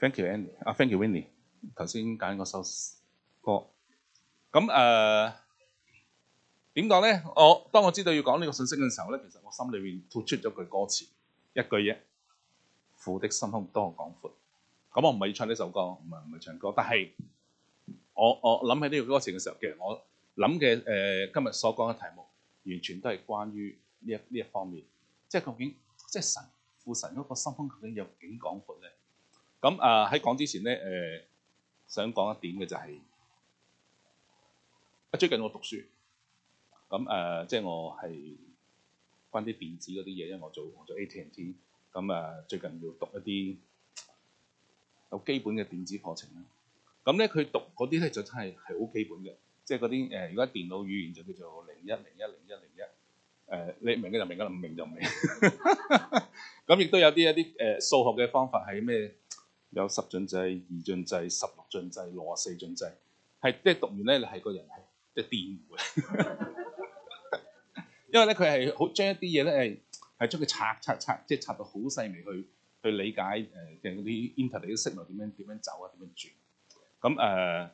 Thank you，Andy。啊 Thank you，Winnie。頭先揀個首歌，咁誒，點講咧？我當我知道要講呢個信息嘅時候咧，其實我心裏邊吐出咗句歌詞，一句嘢：父的心胸多廣闊。咁我唔係要唱呢首歌，唔係唔係唱歌，但係我我諗起呢個歌詞嘅時候，其實我諗嘅誒今日所講嘅題目，完全都係關於呢一呢一方面，即係究竟即係神父神嗰個心胸究竟有幾廣闊咧？咁啊喺講之前咧，誒、呃、想講一點嘅就係啊，最近我讀書，咁誒、啊、即係我係返啲電子嗰啲嘢，因為我做我做 AT&T，咁啊最近要讀一啲有基本嘅電子課程啦。咁咧佢讀嗰啲咧就真係係好基本嘅，即係嗰啲誒如果電腦語言就叫做零一零一零一零一誒，你明嘅就明啦，唔明就唔明。咁 亦都有啲一啲誒、呃、數學嘅方法係咩？有十進制、二進制、十六進制、六十四進制，係即係讀完咧，你係個人係即係癲嘅， 因為咧佢係好將一啲嘢咧係係將佢拆拆拆，即係拆到好細微去去理解誒嘅、呃、嗰啲 internet 嘅 signal，點樣點樣走啊，點樣轉，咁誒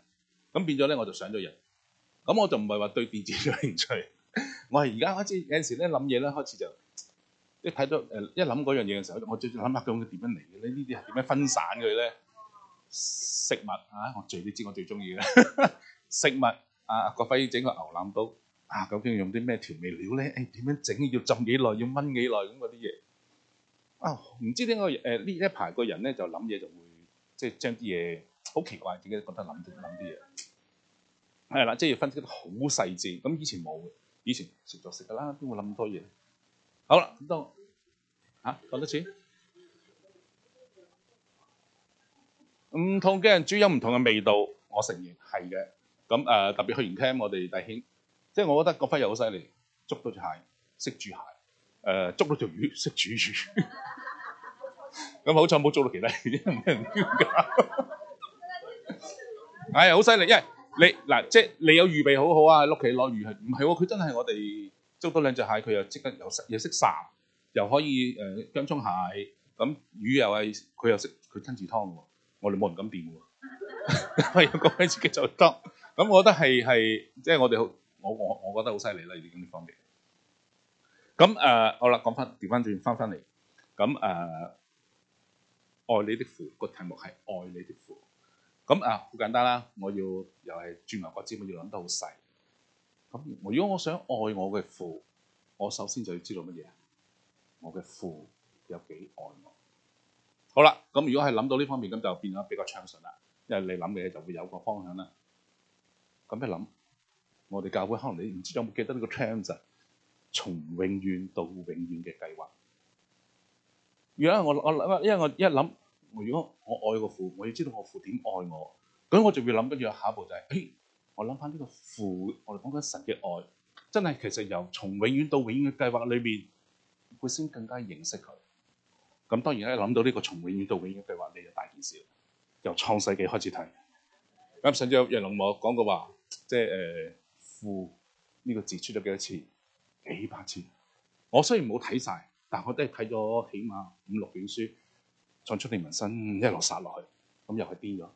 咁變咗咧我就上咗人，咁我就唔係話對電子有興趣， 我係而家開始有時咧諗嘢咧開始就。一睇到誒、呃，一諗嗰樣嘢嘅時候，我最最諗下究竟點樣嚟嘅咧？呢啲係點樣分散佢咧？食物啊，我最你知我最中意嘅食物啊，阿國輝要整個牛腩煲啊，究竟用啲咩調味料咧？誒、哎、點樣整？要浸幾耐？要燜幾耐？咁嗰啲嘢啊，唔知點解誒呢一排個人咧就諗嘢就會即係、就是、將啲嘢好奇怪，自己覺得諗諗啲嘢係啦，即係、嗯就是、要分析得好細緻。咁以前冇以前食就食噶啦，邊會諗咁多嘢？好啦，咁多。嚇，攞到錢。唔同嘅人煮有唔同嘅味道，我承認係嘅。咁誒、呃、特別去完 camp 我哋弟兄，即係我覺得郭輝又好犀利，捉到隻蟹識煮蟹，誒、呃、捉到條魚識煮魚。咁 好彩冇捉到其他，唔俾唔冤架。係好犀利，因為你嗱，即係你有預備好好啊，屋企攞魚係唔係喎？佢、哦、真係我哋捉到兩隻蟹，佢又即刻又識又識又可以誒薑蔥蟹咁，嗯、魚又係佢又識佢親自劏喎，我哋冇人敢掂喎，係個位自己就得。咁我覺得係係即係我哋好，我我我覺得你你、呃、好犀利啦！喺呢方面。咁誒好啦，講翻調翻轉翻翻嚟，咁誒愛你的父個題目係愛你的父。咁啊好簡單啦，我要又係鑽牛角尖，要諗得好細。咁如果我想愛我嘅父，我首先就要知道乜嘢？我嘅父有幾愛我？好啦，咁如果係諗到呢方面，咁就變咗比較暢順啦，因為你諗嘢就會有個方向啦。咁一諗，我哋教會可能你唔知你有冇記得呢個 term 啊：「從永遠到永遠嘅計劃。如果我我，因為我一諗，如果我愛個父，我要知道我父點愛我，咁我就會諗跟住下一步就係、哎，我諗翻呢個父，我哋講緊神嘅愛，真係其實由從永遠到永遠嘅計劃裏面。會先更加認識佢，咁當然咧，諗到呢個從永遠到永遠嘅計劃，你就大件事，由創世紀開始睇。咁甚至有有老牧講過話，即係誒父呢個字出咗幾多次，幾百次。我雖然冇睇晒，但我都係睇咗起碼五六卷書。創出嚟民身，一路殺落去，咁又係癲咗。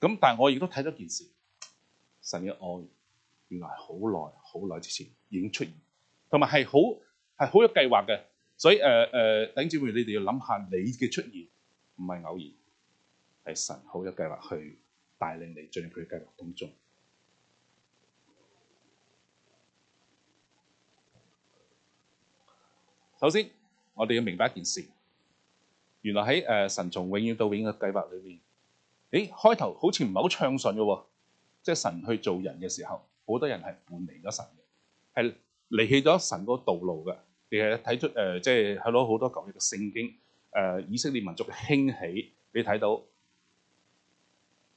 咁 但係我亦都睇咗件事，神嘅愛原來好耐好耐之前已經出現，同埋係好。係好有計劃嘅，所以誒誒，弟兄姊妹，你哋要諗下你嘅出現唔係偶然，係神好有計劃去帶領你進入佢嘅計劃當中。首先，我哋要明白一件事，原來喺誒神從永遠到永遠嘅計劃裏邊，誒開頭好似唔係好暢順嘅，即係神去做人嘅時候，好多人係叛離咗神嘅，係離棄咗神個道路嘅。亦係睇出誒，即係佢攞好多舊約嘅聖經，誒、呃、以色列民族嘅興起，你睇到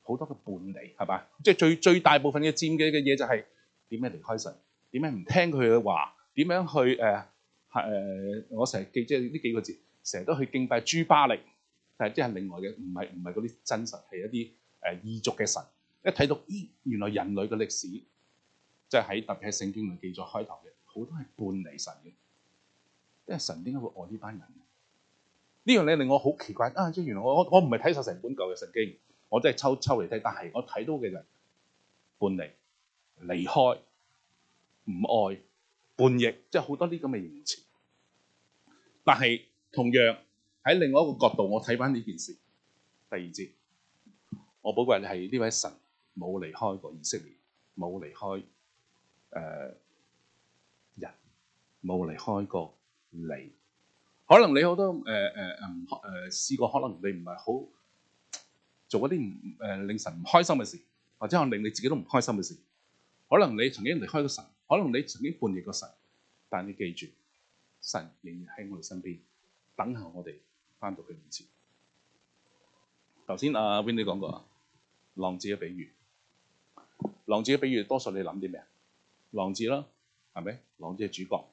好多嘅叛逆，係嘛？即、就、係、是、最最大部分嘅佔嘅嘅嘢就係點樣離開神，點樣唔聽佢嘅話，點樣去誒係誒？我成日記即係呢幾個字，成日都去敬拜豬巴力，係即係另外嘅，唔係唔係嗰啲真實，係一啲誒、呃、異族嘅神。一睇到咦，原來人類嘅歷史即係喺特別喺聖經裏記咗開頭嘅好多係叛離神嘅。即係神點解會愛呢班人？呢樣嘢令我好奇怪啊！即係原來我我唔係睇晒成本舊嘅聖經，我真係抽抽嚟睇。但係我睇到嘅就係叛逆、離開、唔愛、叛逆，即係好多啲咁嘅言詞。但係同樣喺另外一個角度，我睇翻呢件事第二節，我寶貴係呢位神冇離開過以色列，冇離開誒、呃、人，冇離開過。你可能你好多誒誒誒誒試過，可能你唔係好做一啲誒、呃、令神唔開心嘅事，或者可能令你自己都唔開心嘅事。可能你曾經離開個神，可能你曾經叛逆個神，但你記住，神仍然喺我哋身邊，等候我哋翻到佢面前。頭先阿 Win 你講過啊，浪子嘅比喻，浪子嘅比喻，多數你諗啲咩啊？浪子咯，係咪？浪子嘅主角。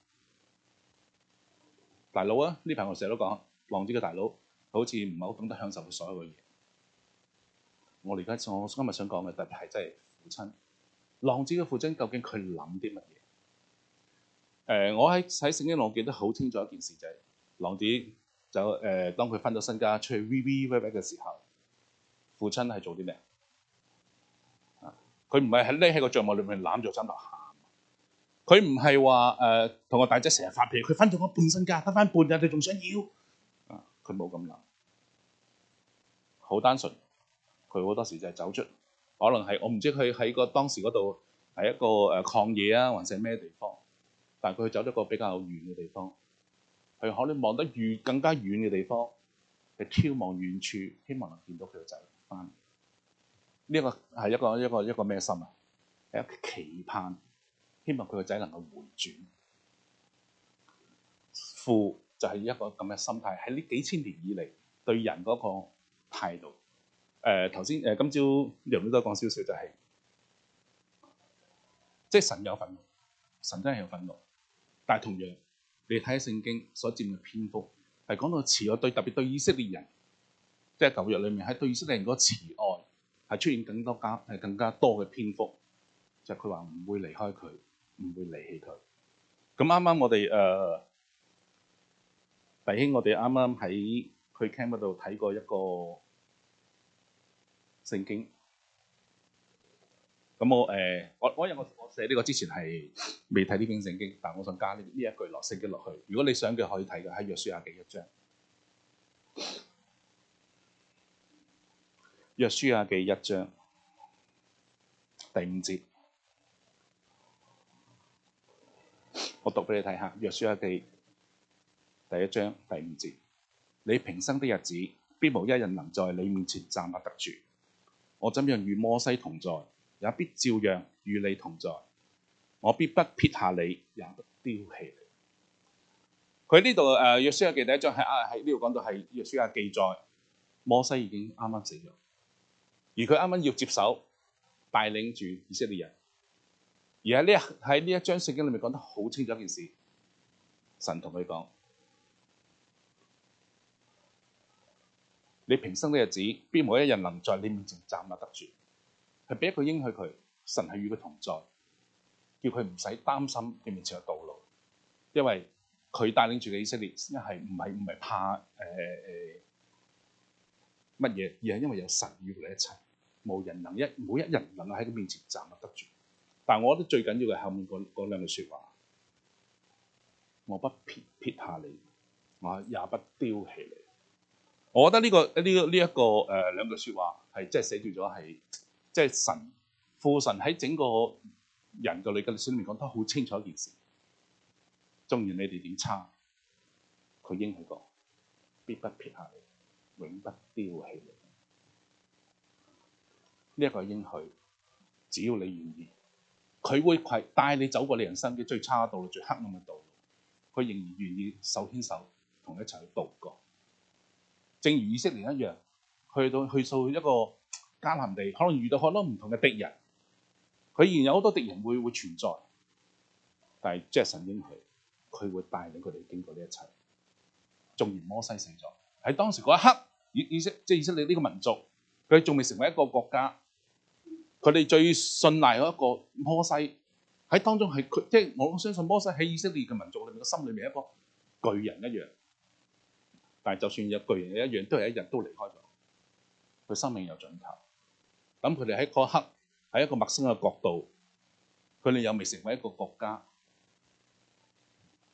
大佬啊，呢排我成日都講浪子嘅大佬，好似唔係好懂得享受嘅所有嘅嘢。我哋而家我今日想講嘅特別係真係父親，浪子嘅父親究竟佢諗啲乜嘢？誒，我喺喺聖經我記得好清楚一件事就係浪子就，誒，當佢分咗身家出去威威威威嘅時候，父親係做啲咩啊？佢唔係喺匿喺個帳幕裏面攬住個枕頭佢唔係話誒同個大姐成日發脾氣，佢分咗我半身家，得翻半日，你仲想要啊？佢冇咁諗，好單純。佢好多時就係走出，可能係我唔知佢喺、嗰個當時嗰度係一個誒曠、呃、野啊，還是咩地方？但係佢走咗個比較遠嘅地方，佢可能望得遠，更加遠嘅地方，係眺望遠處，希望能見到佢個仔返嚟。呢個係一個一個一個咩心啊？係一個期盼。希望佢個仔能夠回轉，父就係一個咁嘅心態。喺呢幾千年以嚟，對人嗰個態度，誒、呃，頭先誒，今朝楊偉多講少少，就係即係神有憤怒，神真係有憤怒。但係同樣，你睇下聖經所佔嘅篇幅，係講到慈愛對特別對以色列人，即、就、係、是、舊約裏面喺對以色列人嗰個慈愛，係出現更多加係更加多嘅篇幅，就係佢話唔會離開佢。唔會離棄佢。咁啱啱我哋誒、呃，弟兄，我哋啱啱喺去 camp 嗰度睇過一個聖經。咁我誒、呃，我我因我我寫呢個之前係未睇呢篇聖經，但我想加呢呢一句落聖經落去。如果你想嘅，可以睇嘅係約書亞記一章，約書亞記一章第五節。我讀俾你睇下，《約書亞記》第一章第五節：你平生的日子，必無一人能在你面前站立得住。我怎樣與摩西同在，也必照樣與你同在。我必不撇下你，也不丟棄你。佢呢度誒，呃《約書亞記》第一章係啊，喺呢度講到係《約書亞記》，在摩西已經啱啱死咗，而佢啱啱要接手帶領住以色列人。而喺呢一喺呢一章聖經裏面講得好清楚一件事，神同佢講：你平生的日子，必冇一人能在你面前站立得住。係俾一個應許佢，神係與佢同在，叫佢唔使擔心佢面前嘅道路，因為佢帶領住嘅以色列，一係唔係唔係怕誒誒乜嘢，而係因為有神與佢一齊，冇人能一冇一人能夠喺佢面前站立得住。但我覺得最緊要係後面嗰兩句説話。我不撇撇下你，我也不丟棄你。我覺得呢、這個呢呢一個誒兩句説話係即係寫住咗係即係神父神喺整個人嘅歷史裏面講得好清楚一件事，縱然你哋點差，佢應許講必不撇下你，永不丟棄你。呢、這、一個應許，只要你願意。佢會係帶你走過你人生嘅最差嘅道路、最黑暗嘅道路，佢仍然願意手牽手同你一齊去度過。正如以色列一樣，去到去到一個迦南地，可能遇到好多唔同嘅敵人，佢仍然有好多敵人會會存在。但係即係神應許，佢會帶領佢哋經過呢一切。縱然摩西死咗，喺當時嗰一刻，以以，以色即係以色列呢個民族，佢仲未成為一個國家。佢哋最信賴嗰一個摩西喺當中係佢，即係我相信摩西喺以色列嘅民族裏面嘅心裏面一個巨人一樣。但係就算有巨人一樣，都係一日都離開咗，佢生命有盡頭。咁佢哋喺嗰刻喺一個陌生嘅角度，佢哋又未成為一個國家。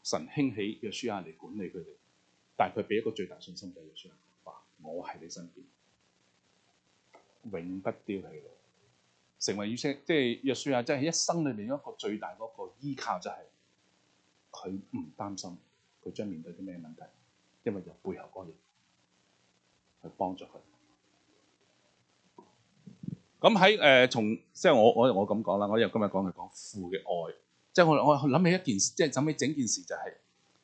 神興起約書亞嚟管理佢哋，但係佢俾一個最大信心畀約書亞，話我喺你身邊，永不丟棄。成為一些即係約書亞，即係一生裏面一個最大嗰個依靠，就係佢唔擔心佢將面對啲咩問題，因為有背後嗰樣去幫助佢。咁喺誒從即係我我我咁講啦，我又今日講嚟講父嘅愛，即係我我諗起一件，即係諗起整件事就係，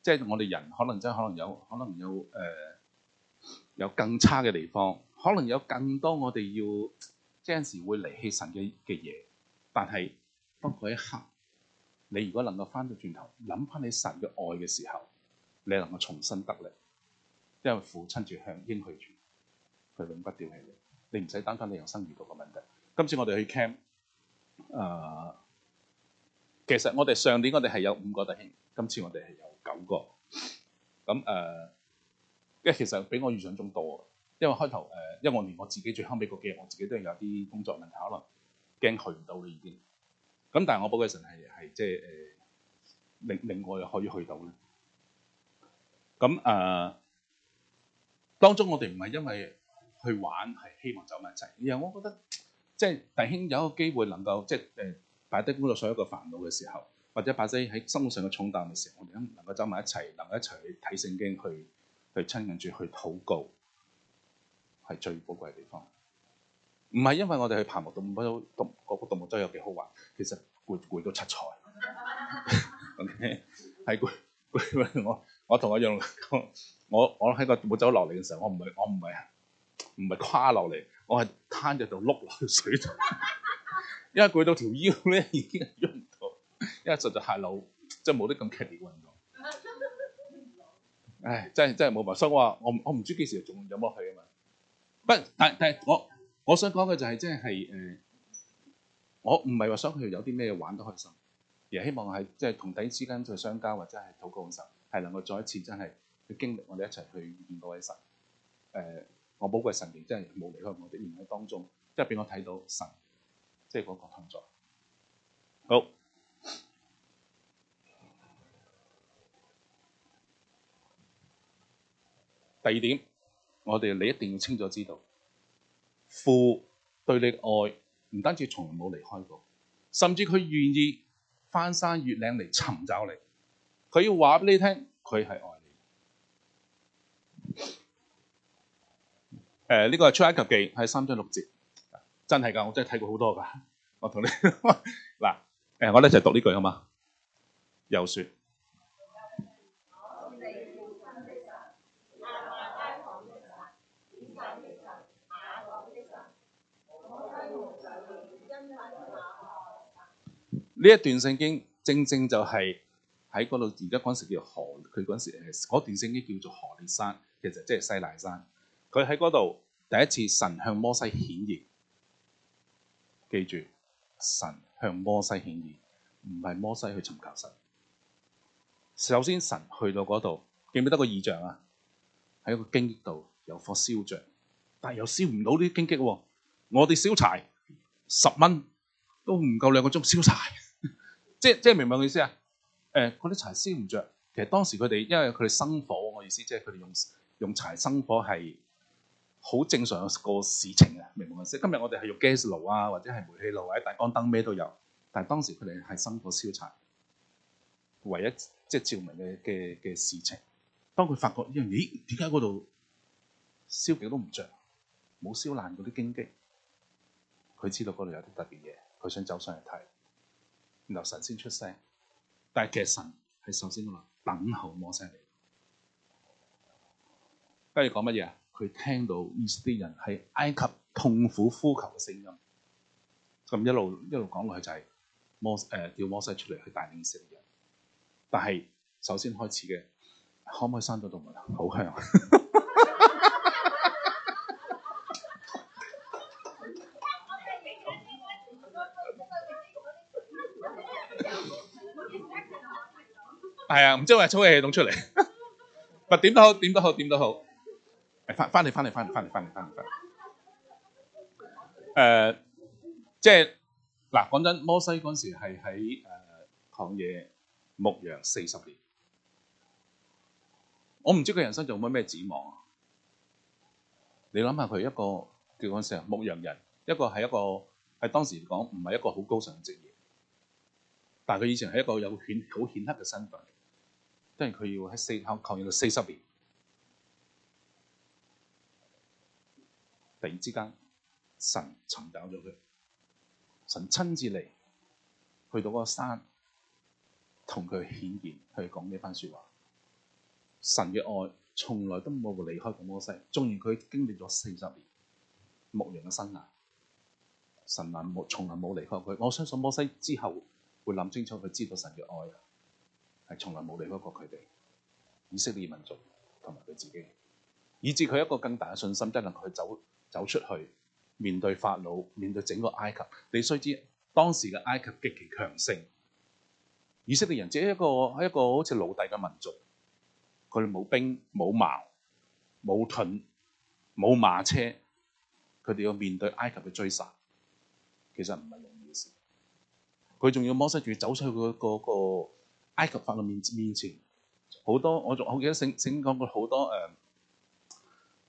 即係我哋人可能真係可能有，可能有誒有更差嘅地方，可能有更多我哋要。有陣時會離棄神嘅嘅嘢，但係當佢一刻，你如果能夠翻到轉頭，諗翻你神嘅愛嘅時候，你能夠重新得力，因為父親就向應許住，佢永不丟棄你。你唔使擔心你人生遇到嘅問題。今次我哋去 camp，誒、呃，其實我哋上年我哋係有五個弟兄，今次我哋係有九個，咁、嗯、誒，因、呃、為其實比我預想中多，因為開頭誒。因為我連我自己最後尾嗰幾日，我自己都係有啲工作問題，可能驚去唔到啦已經。咁但係我保駕神係係即係令令我又可以去到咧。咁、嗯、誒、呃、當中我哋唔係因為去玩，係希望走埋一齊。而後我覺得即係、就是、大兄有個機會能夠即係誒擺低工作上一個煩惱嘅時候，或者擺低喺生活上嘅重擔嘅時候，我哋能夠走埋一齊，能夠一齊去睇聖經，去去親近住去禱告。係最寶貴嘅地方，唔係因為我哋去爬木棟木棟個動物真係有幾好玩，其實攰攰到七彩。 OK，係攰攰到我我同阿楊，我我喺個木棟走落嚟嘅時候，我唔係我唔係唔係跨落嚟，我係攤喺度碌落去水度， 因為攰到條腰咧已經喐唔到， 因為實在太老，即係冇得咁劇烈運動。 唉，真係真係冇辦法，所以我話我我唔知幾時仲有冇去啊嘛～不，但但係我我想講嘅就係即係誒，我唔係話想佢有啲咩玩得開心，而係希望係即係同弟兄之間去相交或者係禱告嘅時候，係能夠再一次真係去經歷我哋一齊去見到神。誒、呃，我寶貴神仍然真係冇離開我哋面嘅當中，即係俾我睇到神即係嗰個動作。好，第二點。我哋你一定要清楚知道，父對你嘅愛唔單止從來冇離開過，甚至佢願意翻山越嶺嚟尋找你，佢要話畀你聽，佢係愛你。誒、呃，呢、這個係出埃及記係三章六節，真係噶，我真係睇過好多噶。我同你嗱，誒， 我哋一齊讀呢句好嘛？又說。呢一段聖經正正就係喺嗰度，而家嗰陣時叫河，佢嗰陣時誒嗰段聖經叫做河烈山，其實即係西奈山。佢喺嗰度第一次神向摩西顯現，記住神向摩西顯現，唔係摩西去尋求神。首先神去到嗰度，記唔記得個異象啊？喺一個荊棘度有火燒著，但又燒唔到啲荊棘喎。我哋燒柴十蚊都唔夠兩個鐘燒柴，即即係明唔明我意思啊！誒、呃，嗰啲柴燒唔着，其實當時佢哋因為佢哋生火，我意思即係佢哋用用柴生火係好正常個事情啊！明唔明我意思？今日我哋係用 gas 爐啊，或者係煤氣爐或者大光燈咩都有，但係當時佢哋係生火燒柴，唯一即係、就是、照明嘅嘅嘅事情。當佢發覺咦？點解嗰度燒幾都唔着，冇燒爛嗰啲荊棘？佢知道嗰度有啲特別嘢，佢想走上去睇。立神先出聲，但係其實神係首先度等候摩西嚟。跟住講乜嘢啊？佢聽到以色列人喺埃及痛苦呼求嘅聲音，咁一路一路講落去就係摩誒叫、呃、摩西出嚟去帶領以色列人。但係首先開始嘅，可唔可以閂咗道門啊？好香。 係啊，唔知話抽嘢系統出嚟，不 點都好，點都好，點都好。誒，翻翻嚟，翻嚟，翻嚟，翻嚟，翻嚟，翻、uh, 嚟、就是。誒，即係嗱，講真，摩西嗰陣時係喺誒曠野牧羊四十年，我唔知佢人生仲有冇咩指望啊。你諗下佢一個叫嗰陣牧羊人，一個係一個喺當時嚟講唔係一個好高尚嘅職業，但係佢以前係一個有顯好顯赫嘅身份。因為佢要喺四口抗應到四十年，突然之間神尋找咗佢，神親自嚟去到嗰個山，同佢顯現去講呢番説話。神嘅愛從來都冇離開過摩西，縱然佢經歷咗四十年牧羊嘅生涯，神唔冇從來冇離開佢。我相信摩西之後會諗清楚，佢知道神嘅愛係從來冇離開過佢哋，以色列民族同埋佢自己，以致佢一個更大嘅信心，即係能夠去走走出去，面對法老，面對整個埃及。你需知當時嘅埃及極其強盛，以色列人只係一個一個好似奴隸嘅民族，佢哋冇兵冇矛冇盾冇馬車，佢哋要面對埃及嘅追殺，其實唔係容易嘅事。佢仲要摩西住走出去嗰、那個個。那個埃及法嘅面前，好多我仲好記得醒醒講過好多誒，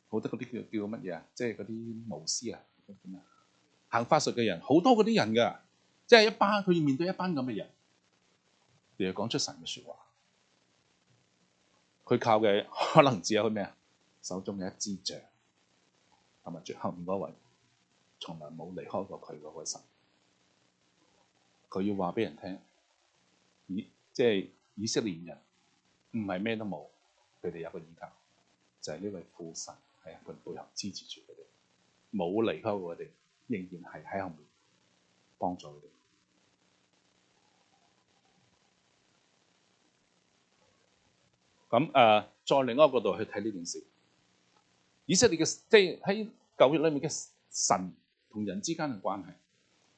好、呃、多嗰啲叫叫乜嘢啊？即係嗰啲巫師啊，行法術嘅人，好多嗰啲人噶，即係一班佢要面對一班咁嘅人，你講出神嘅説話。佢靠嘅可能只有咩啊？手中嘅一支杖，同埋最後面嗰位，從來冇離開過佢嗰個神。佢要話俾人聽，咦？即係以色列人唔係咩都冇，佢哋有個依靠，就係、是、呢位父神係喺背背後支持住佢哋，冇離開我哋，仍然係喺後面幫助佢哋。咁、嗯、誒，再另外一個角度去睇呢件事，以色列嘅即係喺舊約裏面嘅神同人之間嘅關係。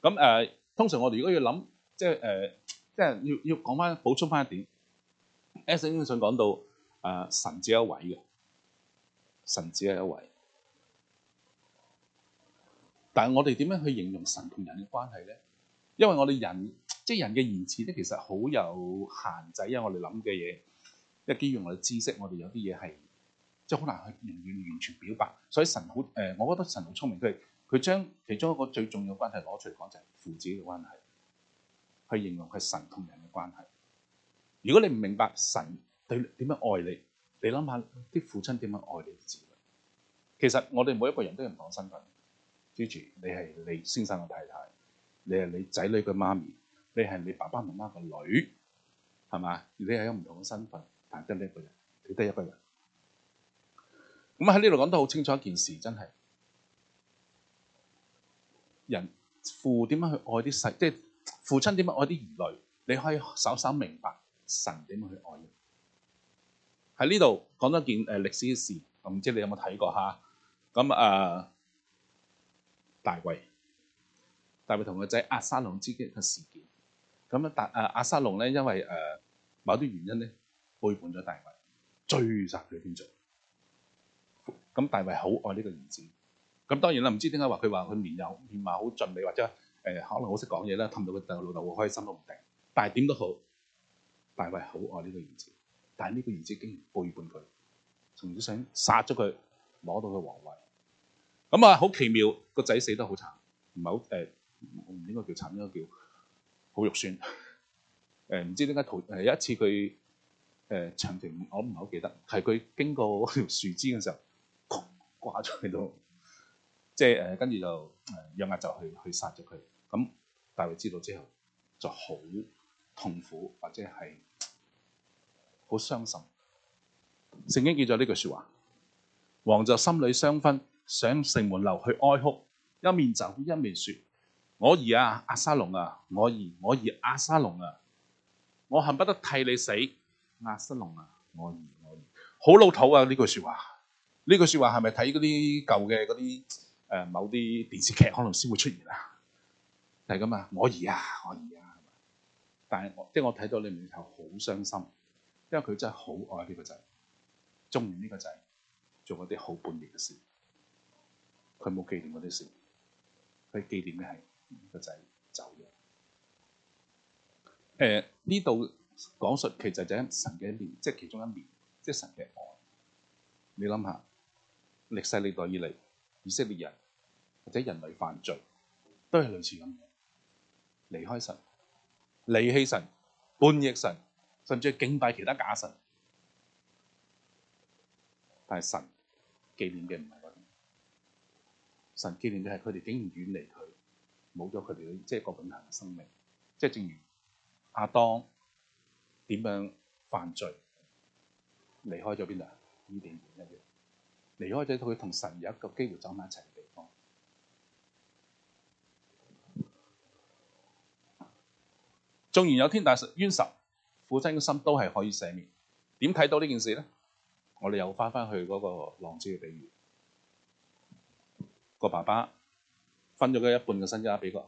咁、嗯、誒，通常我哋如果要諗，即係誒。呃即係要要講翻補充翻一點，Asking 想講到誒神只有一位嘅，神只係一位。但係我哋點樣去形容神同人嘅關係咧？因為我哋人即係、就是、人嘅言辭咧，其實好有限制，因為我哋諗嘅嘢，一啲用我哋知識，我哋有啲嘢係即係好難去完全表白。所以神好誒、呃，我覺得神好聰明，佢佢將其中一個最重要嘅關係攞出嚟講就係、是、父子嘅關係。去形容係神同人嘅關係。如果你唔明白神對你點樣愛你，你諗下啲父親點樣愛你嘅子女。其實我哋每一個人都有唔同身份。主主，你係你先生嘅太太，你係你仔女嘅媽咪，你係你爸爸媽媽個女，係嘛？你係有唔同嘅身份，但得呢一個人，你得一個人。咁喺呢度講得好清楚一件事，真係人父點樣去愛啲細，即係。父親點解愛啲兒女？你可以稍稍明白神點樣去愛人。喺呢度講咗一件誒、呃、歷史嘅事，我唔知你有冇睇過嚇？咁誒、呃，大衛，大衛同個仔阿沙龍之間嘅事件。咁咧，大誒亞撒龍阿沙龍咧，因為誒、呃、某啲原因咧，背叛咗大衛，追殺佢邊組。咁大衛好愛呢個兒子。咁當然啦，唔知點解話佢話佢年幼，年貌好俊美，或者？誒，可能好識講嘢啦，氹到佢老豆會開心都唔定。但係點都好，大衛好愛呢個兒子，但係呢個兒子竟然背叛佢，甚至想殺咗佢，攞到佢皇位。咁啊，好奇妙個仔死得好慘，唔係好誒，唔應該叫慘，應該叫好肉酸。誒、呃，唔知點解？誒，有一次佢誒，詳、呃、情我唔係好記得，係佢經過條樹枝嘅時候，掛咗喺度，即係誒，跟住就，是呃就呃、約押就去去殺咗佢。咁大衛知道之後就好痛苦，或者係好傷心。聖經記載呢句說話，王就心裏傷慟，上城門樓去哀哭，一面走一面說：我兒啊，押沙龍啊，我兒，我兒押沙龍啊，我恨不得替你死，押沙龍啊，我兒，我兒，好老土啊！呢句說話，呢句說話係咪睇嗰啲舊嘅嗰啲誒某啲電視劇可能先會出現啊？係咁啊！可以啊，可以啊！但係我即係我睇到你面頭好傷心，因為佢真係好愛呢個仔，中意呢個仔，做嗰啲好叛逆嘅事，佢冇紀念嗰啲事，佢紀念嘅係、嗯呢個仔走咗。誒、呃，呢度講述其實就係神嘅一面，即係其中一面，即係神嘅愛。你諗下，歷世歷代以嚟，以色列人或者人類犯罪，都係類似咁嘅。離開神，離棄神，叛逆神，甚至敬拜其他假神，但係神紀念嘅唔係嗰啲，神紀念嘅係佢哋竟然遠離佢，冇咗佢哋即係個永恆嘅生命，即係正如阿當點樣犯罪，離開咗邊度？伊甸園一樣，離開咗佢同神有一個機會走埋一齊。縱然有天大冤仇，父親嘅心都係可以赦免。點睇到呢件事呢？我哋又翻翻去嗰個浪子嘅比喻，個爸爸分咗嘅一半嘅身家俾個，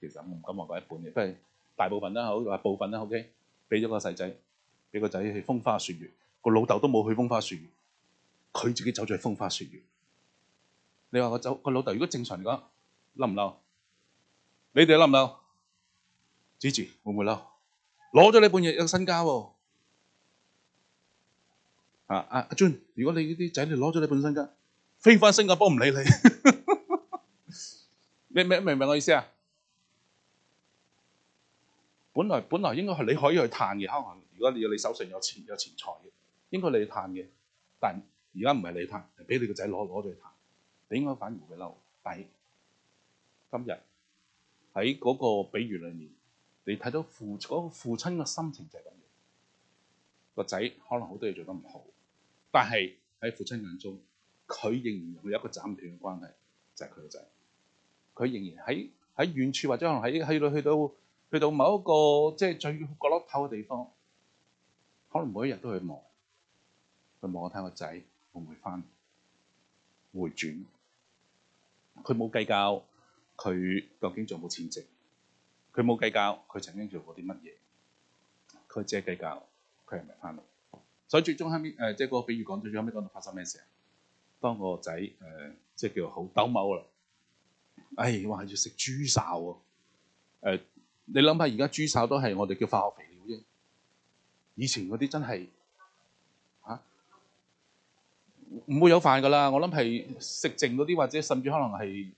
其實我唔敢話嗰一半嘅，都係大部分都好話部分都 OK。俾咗個細仔，俾個仔去風花雪月，個老豆都冇去風花雪月，佢自己走咗去風花雪月。你話個走個老豆，如果正常嚟講，嬲唔嬲？你哋嬲唔嬲？Gigi 會唔會嬲？攞咗你半日有身家喎，啊，啊阿阿、啊、Jun，如果你啲仔嚟攞咗你半身家，飛返新加坡唔理你，咩 咩明唔明白我意思啊？本來本來應該係你可以去探嘅，可能如果你有你手上有錢有錢財嘅，應該你去探嘅，但而家唔係你探，係俾你個仔攞攞咗去探，你應該反而會嬲。但係今日喺嗰個比喻裏面。你睇到父嗰父親嘅心情就係咁樣，個仔可能好多嘢做得唔好，但係喺父親眼中，佢仍然會有一個斬斷嘅關係，就係佢個仔。佢仍然喺喺遠處，或者可能喺喺度去到去到某一個即係最角落頭嘅地方，可能每一日都去望，去望睇個仔會唔會翻回，回轉。佢冇計較，佢究竟做冇錢積。佢冇計較，佢曾經做過啲乜嘢？佢只係計較，佢係咪翻嚟？所以最終後面誒，即係嗰個比喻講，最後尾講到發生咩事啊？當個仔誒，即係叫好兜踎啦！哎，哇！要食豬瘦喎、誒！你諗下，而家豬瘦都係我哋叫化學肥料啫。以前嗰啲真係嚇，唔、啊、會有飯噶啦。我諗係食剩嗰啲，或者甚至可能係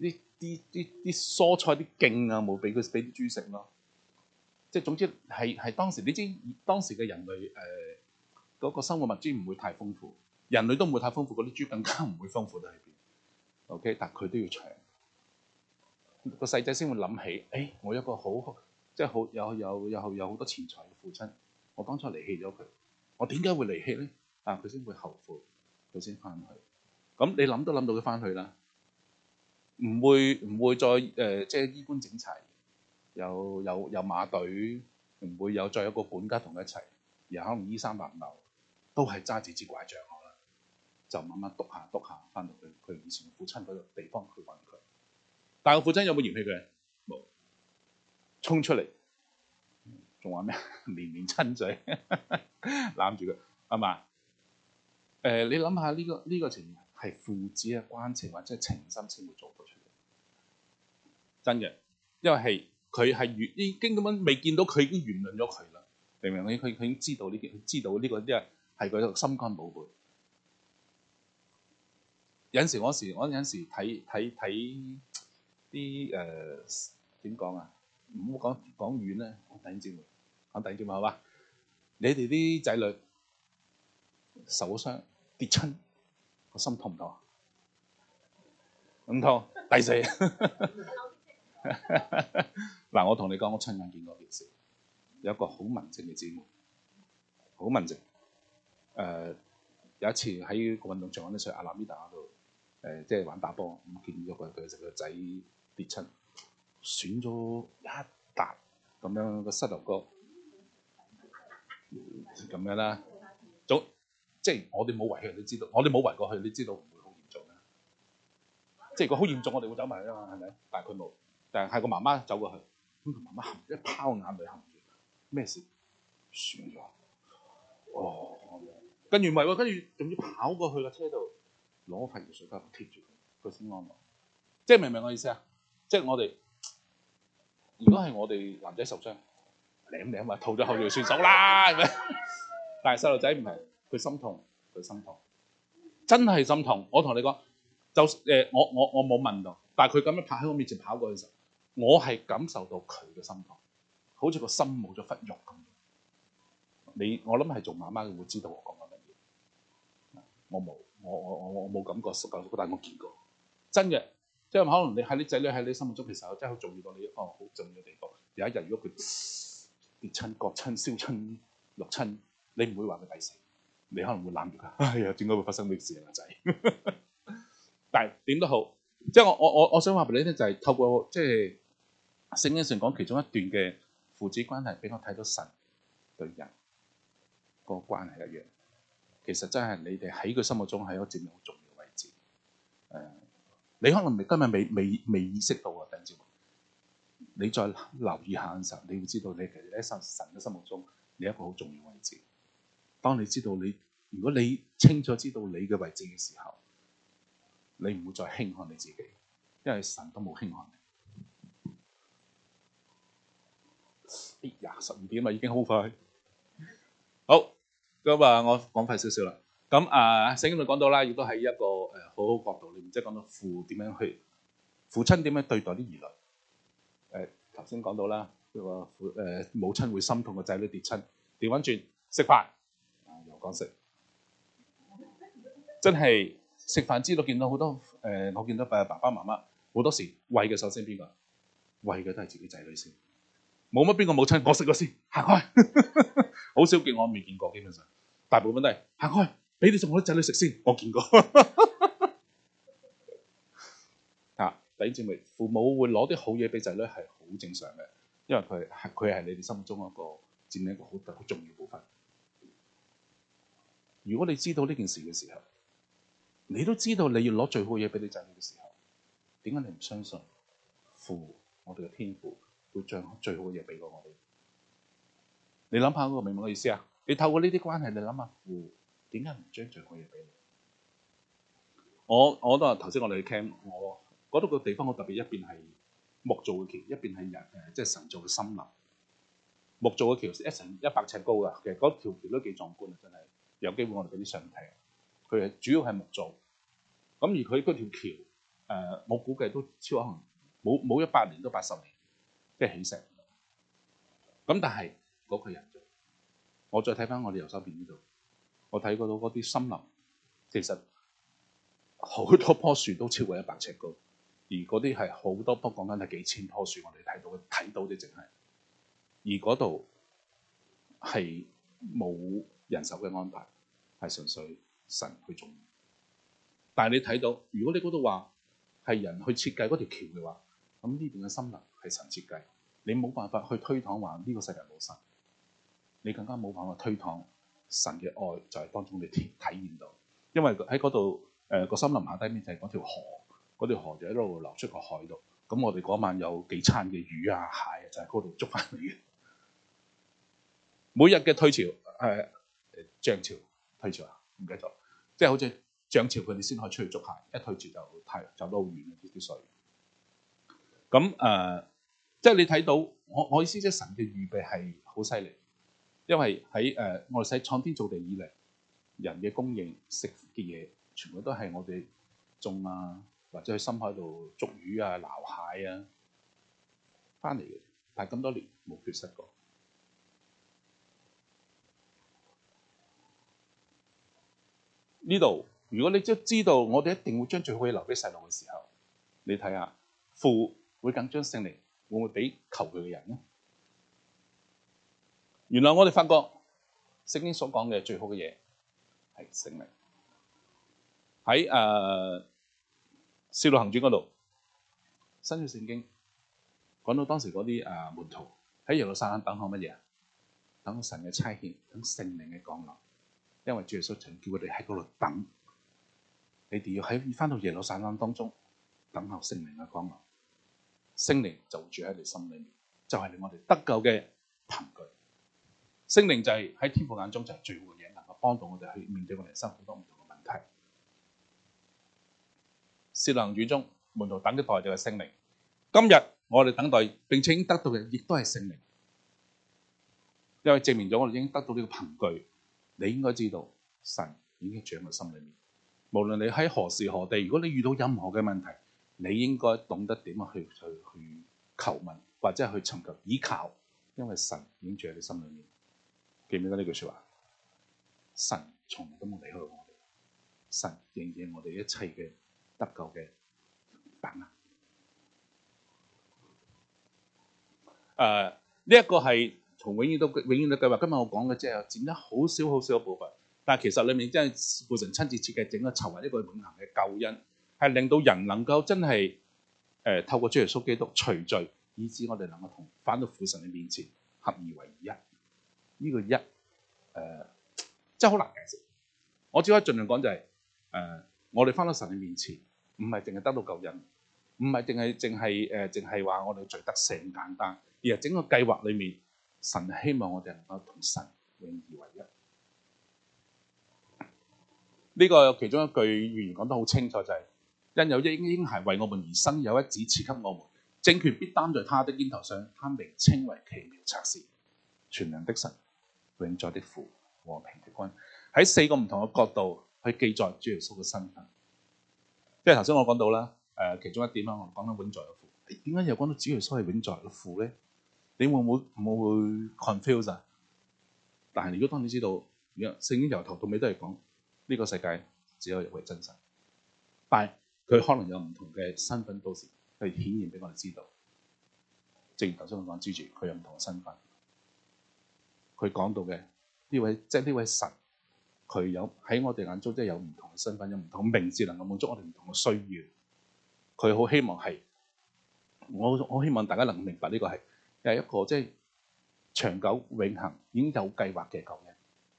啲。啲啲啲蔬菜啲莖啊，冇俾佢俾啲豬食咯，即係總之係係當時你知當時嘅人類誒嗰個生活物資唔會太豐富，人類都唔會太豐富，嗰啲豬更加唔會豐富得喺邊。OK，但佢都要搶。個細仔先會諗起，誒，我有一個好即係好有有有好多錢財嘅父親，我當初離棄咗佢，我點解會離棄咧？啊，佢先會後悔，佢先翻去。咁你諗都諗到佢翻去啦。唔會唔會再誒、呃，即係衣冠整齊，有有有馬隊，唔會有再有一個管家同佢一齊，而可能衣衫襤褸，都係揸住支拐杖我啦，就慢慢篤下篤下，翻到去佢以前父親嗰個地方去揾佢。但係父親有冇嫌棄佢？冇有，衝出嚟，仲話咩？連連親嘴，攬住佢，係嘛？誒、呃，你諗下呢、這個呢、這個情。係父子嘅關情，或者情深先會做到出嚟，真嘅。因為係佢係已經咁樣未見到佢，已經原諒咗佢啦。明唔明？佢佢佢已經知道呢啲，知道呢個即係係佢心肝寶貝。有陣時，我有時我有陣時睇睇睇啲誒點講啊？唔好講講遠啦。第二節目，講第二節目好嘛？你哋啲仔女受傷跌親，個心痛唔痛？唔痛。第四嗱， 我同你講，我親眼見過件事，有一個好文靜嘅姊妹，好文靜。誒、呃，有一次喺個運動場嗰啲，在阿拉米達嗰度，誒、呃、即係玩打波，咁見咗佢，佢個仔跌親，損咗一笪咁樣個膝頭哥，咁樣啦。即係我哋冇圍佢，你知道；我哋冇圍過去，你知道唔會好嚴重啦。即係個好嚴重，我哋會走埋去啊嘛，係咪？但係佢冇，但係係個媽媽走過去，咁佢媽媽喊，媽媽一拋眼就喊住，咩事？算咗。哦，跟住唔係喎，跟住仲要跑過去個車度攞塊藥水膠貼住，佢先安樂。即係明唔明我意思啊？即係我哋如果係我哋男仔受傷，舐舐咪吐咗口水算數啦，係咪？ 但係細路仔唔係。佢心痛，佢心痛，真係心痛。我同你講，就誒、呃，我我我冇問到，但係佢咁樣拍喺我面前跑過嘅時候，我係感受到佢嘅心痛，好似個心冇咗忽肉咁。你我諗係做媽媽會知道我講緊乜嘢，我冇，我我我我冇感覺，但係我見過真嘅，即係可能你喺啲仔女喺你心目中其實真係好重要到你哦好重要嘅地方。有一日如果佢跌親、割親、燒親、落親，你唔會話佢抵死。你可能會攬住佢，哎呀！點解會發生呢啲事啊，仔？ 但係點都好，即係我我我我想話俾你聽，就係、是、透過即係聖經上講其中一段嘅父子關係，俾我睇到神對人個關係一樣。其實真係你哋喺佢心目中係一個佔好重要位置。誒、呃，你可能今未今日未未未意識到啊，等陣。你再留意下嘅時候，你會知道你其實喺神神嘅心目中，你一個好重要位置。當你知道你，如果你清楚知道你嘅位置嘅時候，你唔會再輕看你自己，因為神都冇輕看你。哎呀，十二點啦，已經好快。好，咁我講快少少啦。咁、嗯、啊，聖經度講到啦，亦都喺一個誒、呃、好好的角度裏面，即係講到父點樣去，父親點樣對待啲兒女。誒頭先講到啦，呢個、呃、母親會心痛個仔女跌親，調翻轉食飯。講食真係食飯之後見到好多誒、呃，我見到佢嘅爸爸媽媽好多時餵嘅，首先邊個餵嘅都係自己仔女先，冇乜邊個母親我食過先行開，好 少見我未見過基本上，大部分都係行開俾你送我啲仔女食先，我見過 啊！第二點咪父母會攞啲好嘢俾仔女係好正常嘅，因為佢係佢係你哋心目中一個佔領，一個好好重要部分。如果你知道呢件事嘅時候，你都知道你要攞最好嘅嘢俾你仔女嘅時候，點解你唔相信父我哋嘅天父會將最好嘅嘢俾我哋？你諗下明唔明我意思啊？你透過呢啲關係，你諗下父點解唔將最好嘢俾你？我我都話頭先我哋去傾，我覺得個地方我特別，一邊係木造嘅橋，一邊係人誒、呃、即係神造嘅森林。木造嘅橋一成一百尺高啊，其實嗰條橋都幾壯觀啊，真係。有機會我哋嗰啲神鵰，佢係主要係木造，咁而佢嗰條橋、呃，我估計都超可能冇冇一百年都八十年，即係起石。咁但係嗰、嗰個人造，我再睇翻我哋右手邊呢度，我睇到到嗰啲森林，其實好多棵樹都超過一百尺高，而嗰啲係好多棵講緊係幾千棵樹，我哋睇到睇到嘅淨係，而嗰度係冇。人手嘅安排係純粹神去做，但係你睇到，如果你嗰度話係人去設計嗰條橋嘅話，咁呢邊嘅森林係神設計，你冇辦法去推搪話呢個世界冇神，你更加冇辦法推搪神嘅愛就係當中你體驗到，因為喺嗰度誒，個森林下底面就係嗰條河，嗰條河就喺度流出個海度，咁我哋嗰晚有幾餐嘅魚啊蟹啊就喺嗰度捉翻嚟嘅，每日嘅退潮誒。呃漲潮退潮啊，唔記得咗，即係好似漲潮佢哋先可以出去捉蟹，一退潮就太陽走得好遠呢啲水。咁誒、呃，即係你睇到我我意思即係神嘅預備係好犀利，因為喺誒、呃、我哋使創天造地以嚟，人嘅供應食嘅嘢全部都係我哋種啊，或者去深海度捉魚啊、撈蟹啊，翻嚟嘅，但係咁多年冇缺失過。呢度，如果你即知道我哋一定會將最好嘅嘢留畀細路嘅時候，你睇下父會更將聖靈會唔會畀求佢嘅人咧？原來我哋發覺聖經所講嘅最好嘅嘢係聖靈。喺誒呃、《使徒行傳》嗰度新約聖經講到當時嗰啲誒門徒喺耶路撒冷等候乜嘢？等神嘅差遣，等聖靈嘅降臨。因為主耶穌請叫佢哋喺嗰度等，你哋要喺返到耶路撒冷當中等候聖靈嘅光臨，聖靈就住喺你心裏面，就係令我哋得救嘅憑據。聖靈就係喺天父眼中就係最活影，能夠幫到我哋去面對我哋生活好多唔同嘅問題。聖靈雨中門徒等嘅代代係聖靈，今日我哋等待並且已經得到嘅，亦都係聖靈，因為證明咗我哋已經得到呢個憑據。你應該知道，神已經住你喺心裏面。無論你喺何時何地，如果你遇到任何嘅問題，你應該懂得點啊去去，去求問，或者去尋求依靠，因為神已經住你喺心裏面。記唔記得呢句說話？神從來都冇離開我哋，神迎接我哋一切嘅得救嘅把握！誒、uh,，呢一個係。從永遠到永遠嘅計劃，今日我講嘅即係剪咗好少好少嘅部分，但係其實裏面真係父神親自設計整個籌劃一個永恆嘅救恩，係令到人能夠真係誒、呃、透過主耶穌基督除罪，以至我哋能夠同返到父神嘅面前合二為一。呢、這個一誒真係好難解釋。我只可以盡量講就係、是、誒、呃，我哋返到神嘅面前，唔係淨係得到救恩，唔係淨係淨係誒淨係話我哋罪得成簡單，而係整個計劃裏面。神希望我哋能夠同神永以為一。呢、這個其中一句預言講得好清楚，就係、是、因有一嬰孩為我們而生，有一子賜給我們，政權必擔在他的肩頭上，他名稱為奇妙、策士、全能的神、永在的父、和平的君。喺四個唔同嘅角度去記載主耶穌嘅身份。即係頭先我講到啦，誒，其中一點啦，我講緊永在嘅父。點解又講到主耶穌係永在嘅父咧？你會唔會冇會 confuse 啊？但係如果當你知道，如果聖經由頭到尾都係講呢個世界只有有一位真神，但係佢可能有唔同嘅身份，到時去顯現俾我哋知道。正如頭先我講之住，佢有唔同嘅身份。佢講到嘅呢位，即係呢位神，佢有喺我哋眼中，即係有唔同嘅身份，有唔同嘅名字，能夠滿足我哋唔同嘅需要。佢好希望係我，我希望大家能明白呢個係。第一個即係長久永恆已經有計劃嘅講嘅，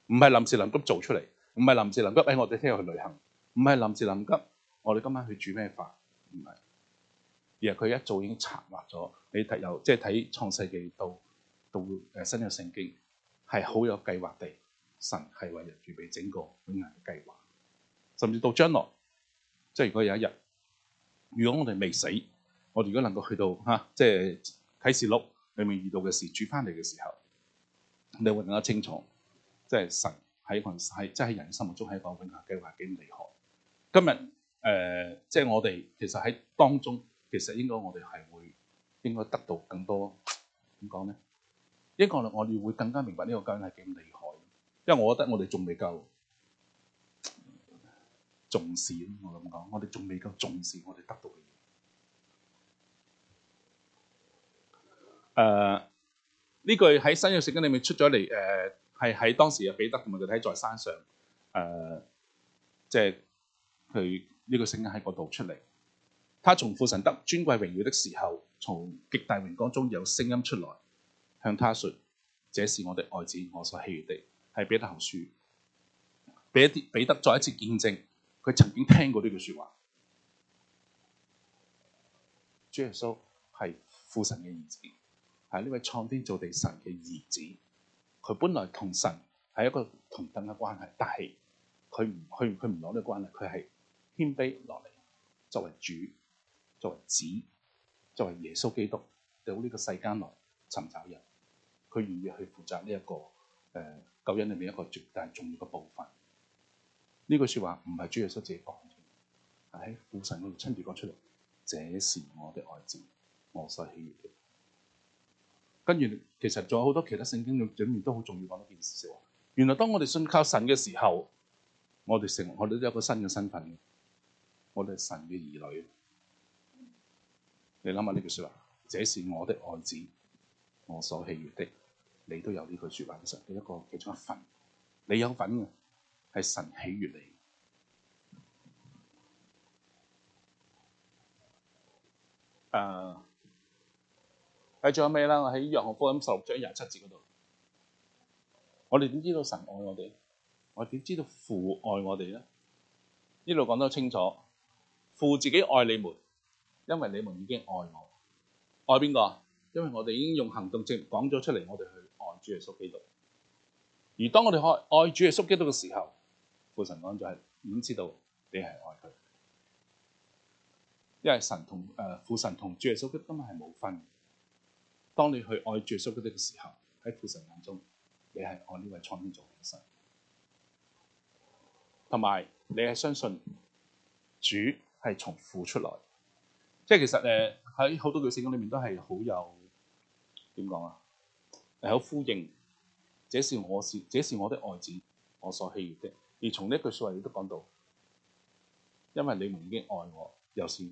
唔係臨時臨急做出嚟，唔係臨時臨急誒我哋聽日去旅行，唔係臨時臨急我哋今晚去煮咩飯，唔係。而係佢一早已經策劃咗，你睇由即係睇創世紀到到誒新嘅聖經，係好有計劃地，神係為人準備整個永恆嘅計劃，甚至到將來，即係如果有一日，如果我哋未死，我哋如果能夠去到嚇，即係啟示錄。你未遇到嘅事，轉返嚟嘅時候，你會更加清楚，即係神喺混喺，即係喺人心目中係一個永恆計劃幾咁厲害。今日誒、呃，即係我哋其實喺當中，其實應該我哋係會應該得到更多點講咧，一個我哋會更加明白呢個究竟係幾咁厲害，因為我覺得我哋仲未夠重視，我咁講，我哋仲未夠重視我哋得到誒呢、呃、句喺新約聖經裏面出咗嚟，誒係喺當時嘅彼得同埋佢哋喺座山上，誒即係佢呢個聲音喺嗰度出嚟。他從父神得尊貴榮耀的時候，從極大榮光中有聲音出來，向他説：這是我的愛子，我所喜悅的。係彼得後書，俾一啲彼得再一次見證，佢曾經聽過呢句説話。主耶穌係父神嘅兒子。係呢位創天造地神嘅兒子，佢本來同神係一個同等嘅關係，但係佢唔佢佢唔攞呢個關係，佢係謙卑落嚟作為主、作為子、作為耶穌基督到呢個世間來尋找人，佢願意去負責呢、這、一個誒、呃、救恩裏面一個絕大重要嘅部分。呢句説話唔係主耶穌自己講，係喺父神嗰度親自講出嚟，這是我的愛子，我所喜跟住，其實仲有好多其他聖經裏面都好重要講一件事。原來當我哋信靠神嘅時候，我哋成我哋都有一個新嘅身份，我哋係神嘅兒女。你諗下呢句説話，這是我的愛子，我所喜悅的，你都有呢句説話嘅一個其中一份。你有份嘅係神喜悅你。啊、uh,！睇仲有咩啦？我喺約翰福音十六章廿七節嗰度，我哋點知道神愛我哋？我點知道父愛我哋咧？呢度講得清楚，父自己愛你們，因為你們已經愛我。愛邊個？因為我哋已經用行動證明講咗出嚟，我哋去愛主耶穌基督。而當我哋去愛主耶穌基督嘅時候，父神講就係已經知道你係愛佢？因為神同誒、呃、父神同主耶穌基督根本係冇分。當你去愛住蘇嗰啲嘅時候，喺父神眼中，你係按呢位創天造地嘅神，同埋你係相信主係從父出來。即係其實誒，喺好多句聖經裏面都係好有點講啊，係好呼應，這是我是，這是我的愛子，我所喜悅的。而從呢句説話，你都講到，因為你們已經愛我，又是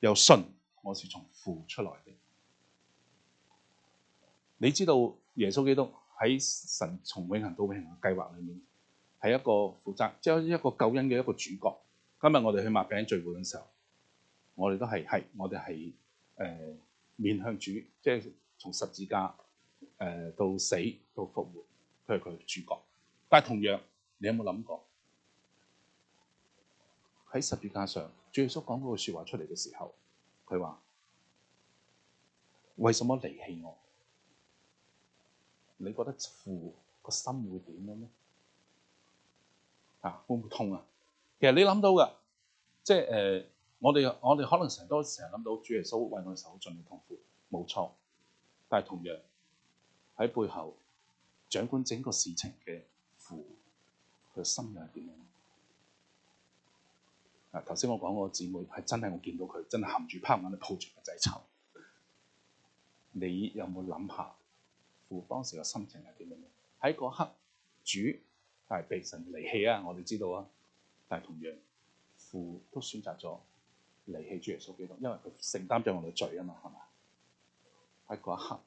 又信我是從父出來的。你知道耶穌基督喺神從永恆到永恆嘅計劃裏面係一個負責，即係一個救恩嘅一個主角。今日我哋去擘餅聚會嘅時候，我哋都係係我哋係誒面向主，即係從十字架誒、呃、到死到復活，佢係佢嘅主角。但係同樣，你有冇諗過喺十字架上，主耶穌講嗰句説話出嚟嘅時候，佢話：為什麼離棄我？你覺得父個心會點樣咧？啊，會唔會痛啊？其實你諗到噶，即係誒、呃，我哋我哋可能成日都成日諗到，主耶穌為我哋受盡嘅痛苦，冇錯。但係同樣喺背後掌管整個事情嘅父，佢心又係點樣呢？啊，頭先我講我個姊妹係真係我見到佢，真係含住泡眼嚟抱住個仔湊。你有冇諗下？父當時嘅心情係點樣？喺嗰刻，主係被神離棄啊！我哋知道啊，但係同樣父都選擇咗離棄主耶穌基督，因為佢承擔咗我哋罪啊嘛，係咪？喺嗰一刻，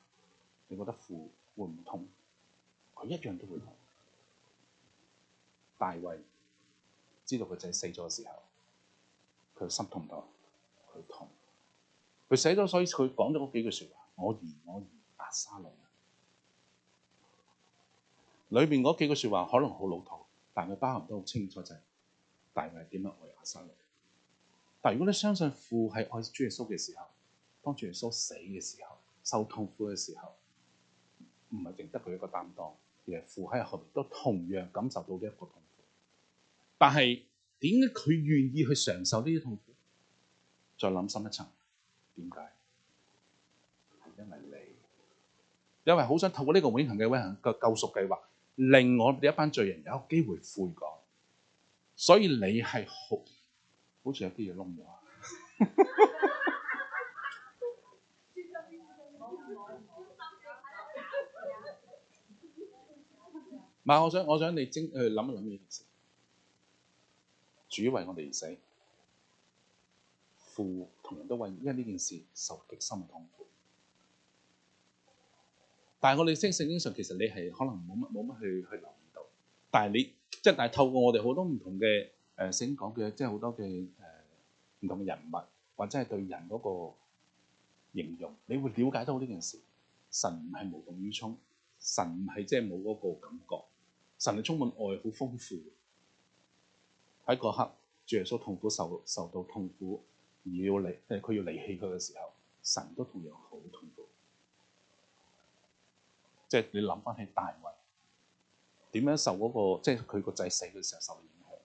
你覺得父會唔痛？佢一樣都會痛。大衛知道個仔死咗嘅時候，佢心痛到，佢痛。佢死咗，所以佢講咗嗰幾句説話：我兒，我兒，押沙龍。裏面嗰幾句説話可能好老土，但係佢包含得好清楚，就係、是、大衞係點樣愛亞瑟。但係如果你相信父係愛主耶穌嘅時候，當主耶穌死嘅時候、受痛苦嘅時候，唔係淨得佢一個擔當，而係父喺後面都同樣感受到呢一個痛苦。但係點解佢願意去承受呢啲痛苦？再諗深一層，點解？係因為你，因為好想透過呢個永恒嘅永恆嘅救贖計劃令我哋一班罪人有機會悔改，所以你係好，好似有啲嘢窿咗啊！唔 係， aber, 我想我想你精，誒諗一諗呢件事。主為我哋而死，父同人都為，因為呢件事受極心痛。但係我哋識聖經上，其實你係可能冇乜冇乜去去留意到。但係你即係但係透過我哋好多唔同嘅誒聖經講嘅，即係好多嘅誒唔同嘅人物，或者係對人嗰個形容，你會了解到呢件事。神唔係無動於衷，神唔係即係冇嗰個感覺，神係充滿愛，好豐富。喺嗰刻，主耶穌痛苦受受到痛苦，而要離佢要離棄佢嘅時候，神都同樣好痛苦。即係你諗翻起大衞點樣受嗰個，即係佢個仔死嘅時候受到影響。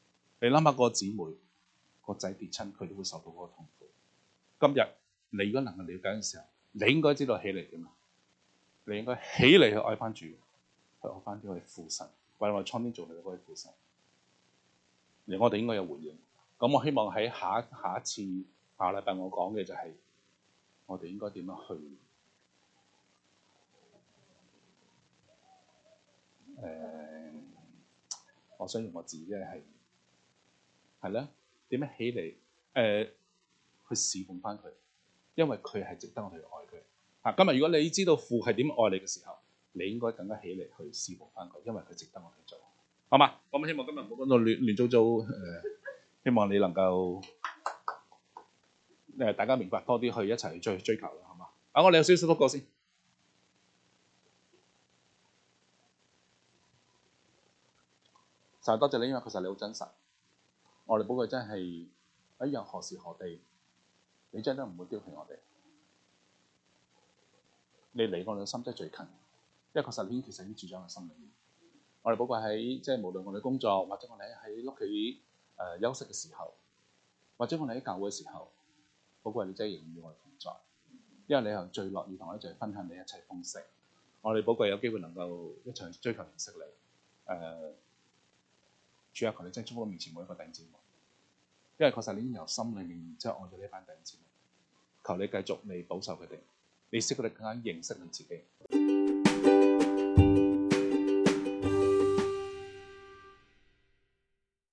你諗下個姊妹、個仔跌親，佢都會受到嗰個痛苦。今日你如果能夠了解嘅時候，你應該知道起嚟點啊！你應該起嚟去愛翻主，去學翻啲去父神，為我哋蒼天做嘅嗰啲父神。而我哋應該有回應。咁我希望喺下下一次下禮拜我講嘅就係我哋應該點樣去。誒、呃，我想用我自己咧係，係咧點樣起嚟？誒、呃，去侍奉翻佢，因為佢係值得我哋愛佢。嚇、啊，今日如果你知道父係點愛你嘅時候，你應該更加起嚟去侍奉翻佢，因為佢值得我哋做。好嘛？ 我哋希望今日唔好講到亂亂糟糟，誒，希望你能夠誒、呃、大家明白多啲去一齊去追追求啦，好嘛？啊，我哋有少少福過先。就多謝你，因為確實你好真實。我哋寶貴真係一樣，何時何地，你真係都唔會丟棄我哋。你離我哋嘅心真係最近，因為確實你其實已經住咗我心裏面。我哋寶貴喺即係無論我哋工作，或者我哋喺屋企誒休息嘅時候，或者我哋喺教會嘅時候，寶貴你真係仍然與我同在，因為你係最樂意同我哋一齊分享你一切豐盛。嗯、我哋寶貴有機會能夠一齊去追求認識你誒。呃主啊，求你真祝福我面前每一個弟兄姊妹，因為確實你已經由心裡面然後真愛咗呢班弟兄姊妹，求你繼續嚟保守佢哋，你使佢哋更加認識你自己。